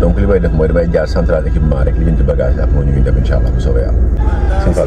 donc li may def mooy damay jaar central équipement rek li ñu ci bagage ak moo ñu ngi dem incha allah bu soobee yàlla central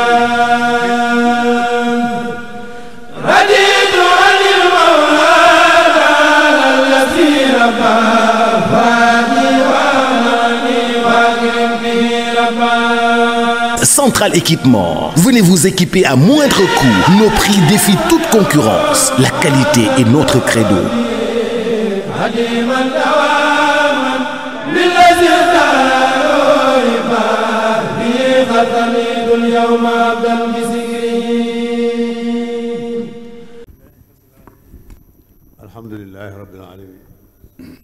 Central Équipement. Venez vous équiper à moindre coût. Nos prix défient toute concurrence. La qualité est notre credo. alhamdulillahi rabbil alamin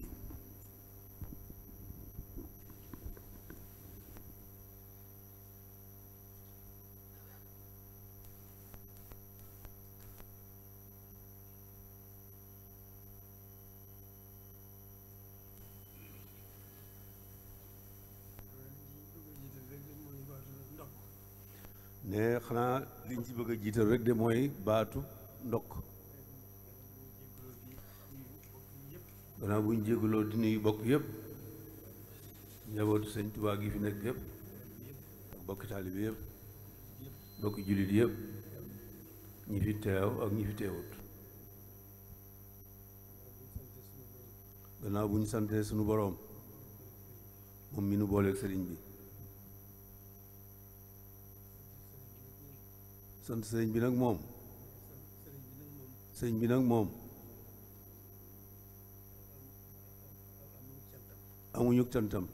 ne xanaa liñ ci bëgg a jiital rek de mooy baatu ndokk gannaaw buñ jégaloo di nuyu bokk yëpp njabootu sëñ Tuubaa gi fi nekk yëpp ak bokki taalibe yëpp bokki jullit yëpp ñi fi teew ak ñi fi teewut gannaaw bu ñu santee suñu boroom moom mi nu booleeg sëriñ bi sant sëriñ bi nag moom sëriñ bi nag moom amuñu cantam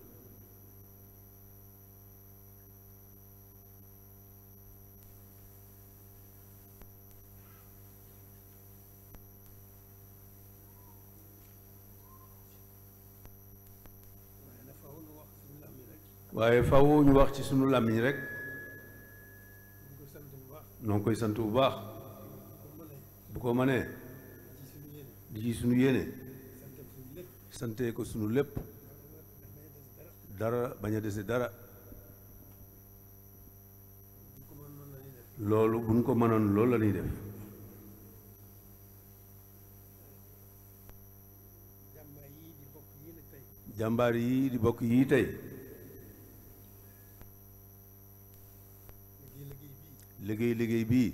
waaye faw ñu wax ci sunu làmmiñ rekk noo koy sant bu baax bu ko manee di ji suñu yéene santee ko sunu lépp dara bañ a desee dara loolu buñ ko mënoon loolu la def jàmbaar yi di bokk yii tey liggéey liggéey bii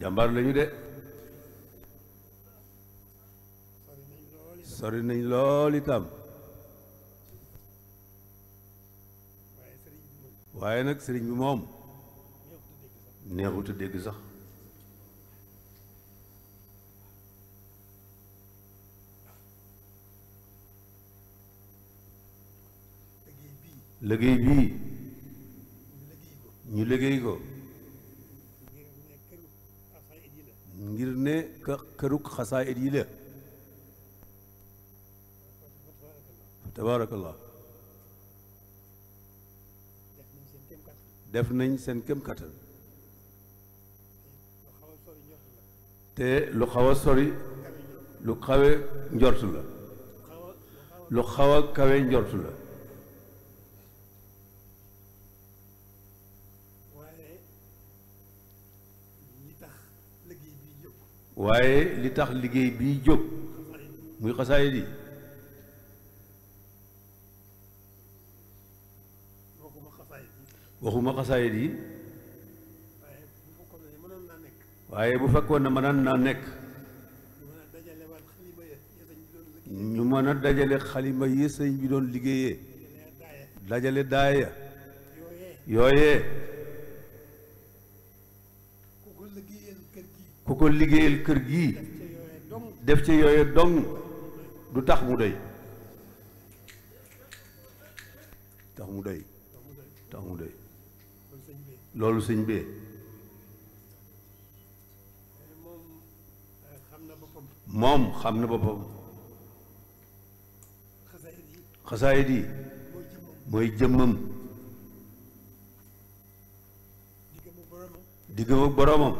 jàmbaar lañu de sori nañ lool itam waaye nag sëriñ bi moom neexut a dégg sax liggéey bii ñu léggéey ko ngir ne kërug xasaayit yi la tabaarakallah def nañ seen kem kattan te lu xaw a sori lu xawe njort la lu xaw a kawe njort la waaye li tax liggéey bii jóg muy xasaayid yi waxuma xasaayid yi waaye bu fekkoon ne mënoon naa nekk ñu mën a dajale xalima yi bi doon liggéeyee dajale daaya yooyee ko liggéeyal kër gi def ci yooye dong du tax mu doy tax mu doy tax mu doy loolu sëñ bee moom xam na boppam xasaayit yi mooy jëmmam diggam boroomam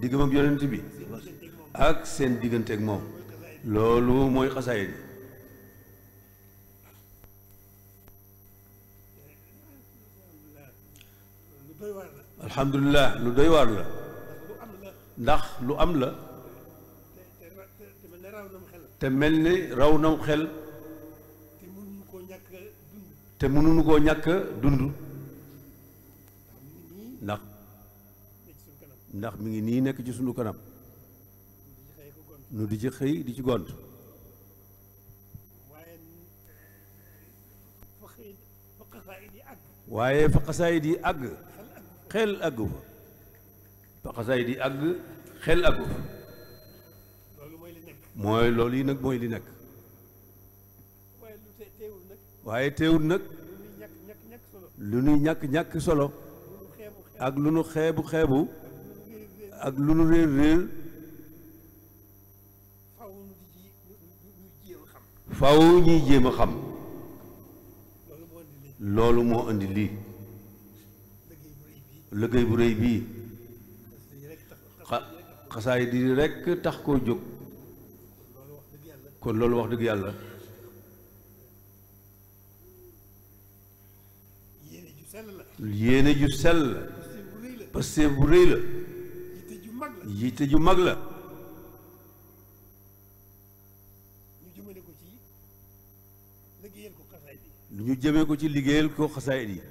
diggam ak yonent bi ak seen diggante ak moom loolu mooy xasaayid yi alhamdulilah lu doy la ndax lu am la te mel ni raw naw xel te mënuñu koo ñàkk dund ndax mi ngi nii nekk ci sunu kanam nu di ci xëy di ci gont waaye fa xasaayid yi àgg xel àgg fa mooy loolu yi nag mooy li nekk waaye teewul nag lu nuy ñàkk ñàkk solo ak lu nu xeebu xeebu ak lu nu réer réer faw ñuy jéem a xam loolu moo indi lii liggéey bu réy bii xasaay di rekk tax koo jóg kon loolu wax dëgg yàlla yéene ju sell parce bu réy la yitte ju mag la ñu jëmale ko ci liggéeyal ko xasaayid yi ñu jëmee ko ci liggéeyal ko xasaayid yi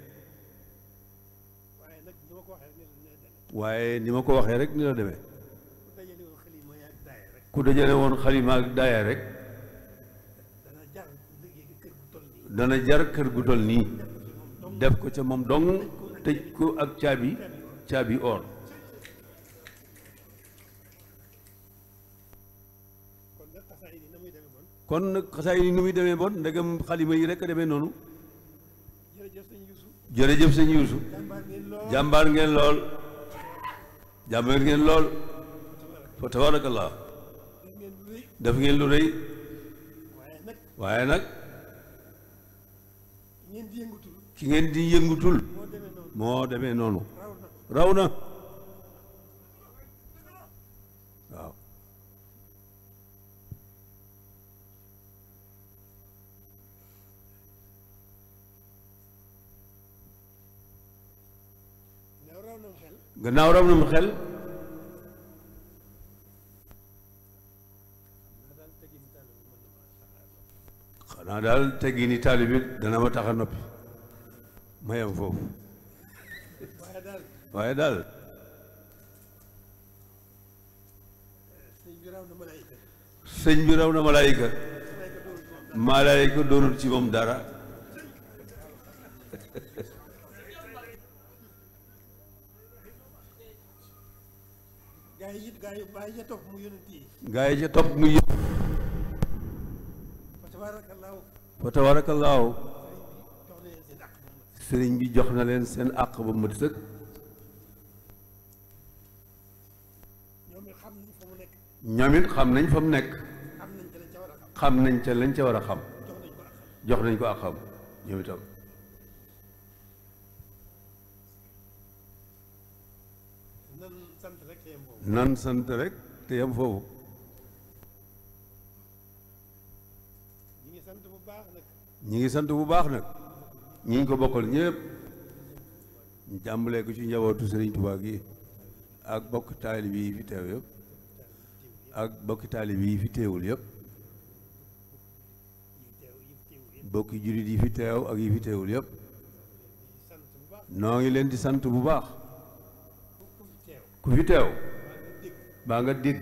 waaye ni ma ko waxee rek ni la demee ku dajale woon xalima ak daaya rek dana jar kër gu toll nii def ko ca moom dong tëj ko ak caabi caabi or kon nag xasaay yi ni muy demee bon ndegam xalima yi rek a demee noonu jërëjëf sëñ Yuusu jàmbaar ngeen lool jàmbaar ngeen lool fa tabarakallah def ngeen lu rëy waaye nag ki ngeen di yëngutul moo demee noonu raw na gannaaw rom na mu xel xanaa daal teggi ni taalibi dana ma tax a noppi ma yem foofu waaye daal sëñ bi raw na malaayika malaayika doonul ci moom dara gaa yi ja topp mu yonent yi. gaa yi bi jox na leen seen àq ba mu sëkk. ñoom xam nañ fa mu nekk. xam nañ ca lañ ca war a xam. jox nañ ko àqam ñoom itam. nan sant rek te yam foofu. ñi ngi sant bu baax nag. ñi ngi ko bokkal ñëpp. ñu ko ci njabootu Serigne Touba gi ak bokk taalib yi fi teew yëpp. ak bokki taalib yi fi teewul yëpp. bokki jullit yi fi teew ak yi fi teewul yëpp. noo ngi leen di sant bu baax. ku fi teew baa nga dégg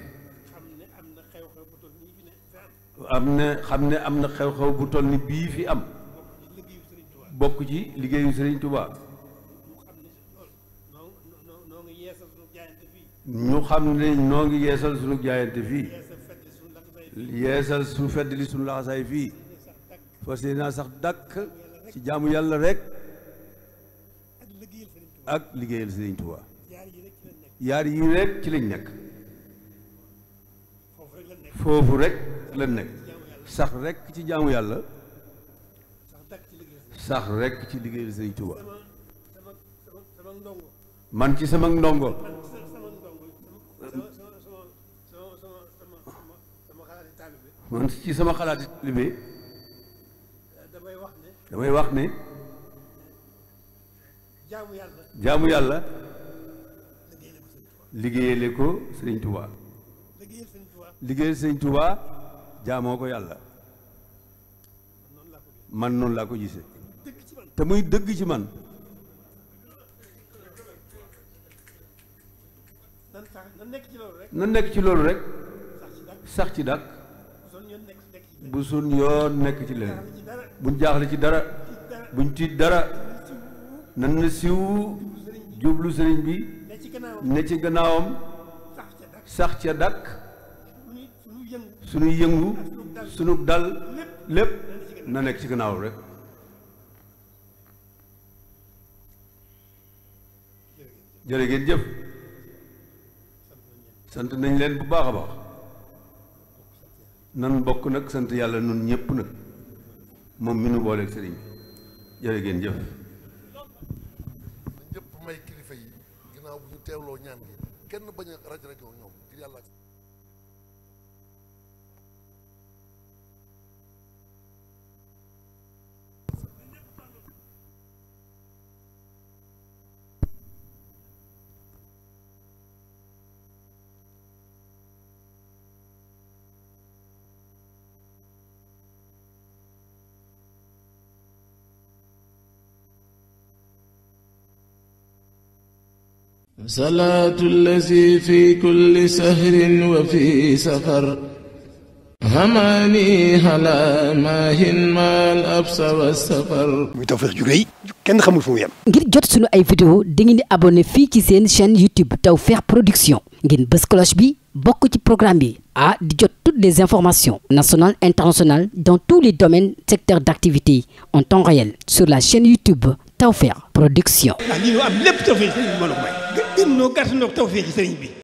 am na xam ne am na xew-xew bu toll ni bii fi am bokk ci liggéeyu Sëriñ Tuubaa ñu xam ne noo ngi yeesal suñu jaayante fii yeesal suñu feddali suñu laxasaay fii fas naa sax dàkk ci jaamu yàlla rek ak liggéeyal Sëriñ Tuubaa yaar yii rek ci lañ nekk foofu rekk lañ nekk sax rekk ci jaamu yàlla sax rekk ci liggéey sëriñ Tuuba man ci sama ndongo man ci sama xalaati taalibe damay wax ne jaamu yàlla liggéeyale ko sëriñ Touba liggéeyal sëriñ Touba jaamoo ko yàlla man noonu laa ko gisee te muy dëgg ci man na nekk ci loolu rek sax ci dàkk bu sun yoon nekk ci leneen buñ jaaxle ci dara buñ tiit dara nan na siw jublu sëriñ bi ne ci gannaawam sax ca dàkk sunu yëngu sunu dal lépp na nekk ci gannaawam rek jërë ngeen jëf sant nañ leen bu baax a baax nan bokk nag sant yàlla nun ñëpp nag moom mi nu booleeg sëriñ bi jërë jëf ginnaaw bu ñu teewloo ñaan gi kenn bañ a raj rajoo ñoom ngir yàlla ak salaatu allazi fi kulli sahrin wa fi safar hamaani ala maahin maal absa wa safar muy Tawfekh ju kenn xamul fu mu ngir jot sunu ay vidéo dangeen di abonné fii ci seen chaîne YouTube Tawfekh Production ngeen bës bi bokk ci programme bi ah di jot toutes des informations national internationales dans tous les domaines secteurs d'activité en temps réel sur la chaîne YouTube Tawfekh Production. Ah, am lépp tawfeex sëriñ bi mën a may. gën noo gàtt noo tawfeex sëriñ bi.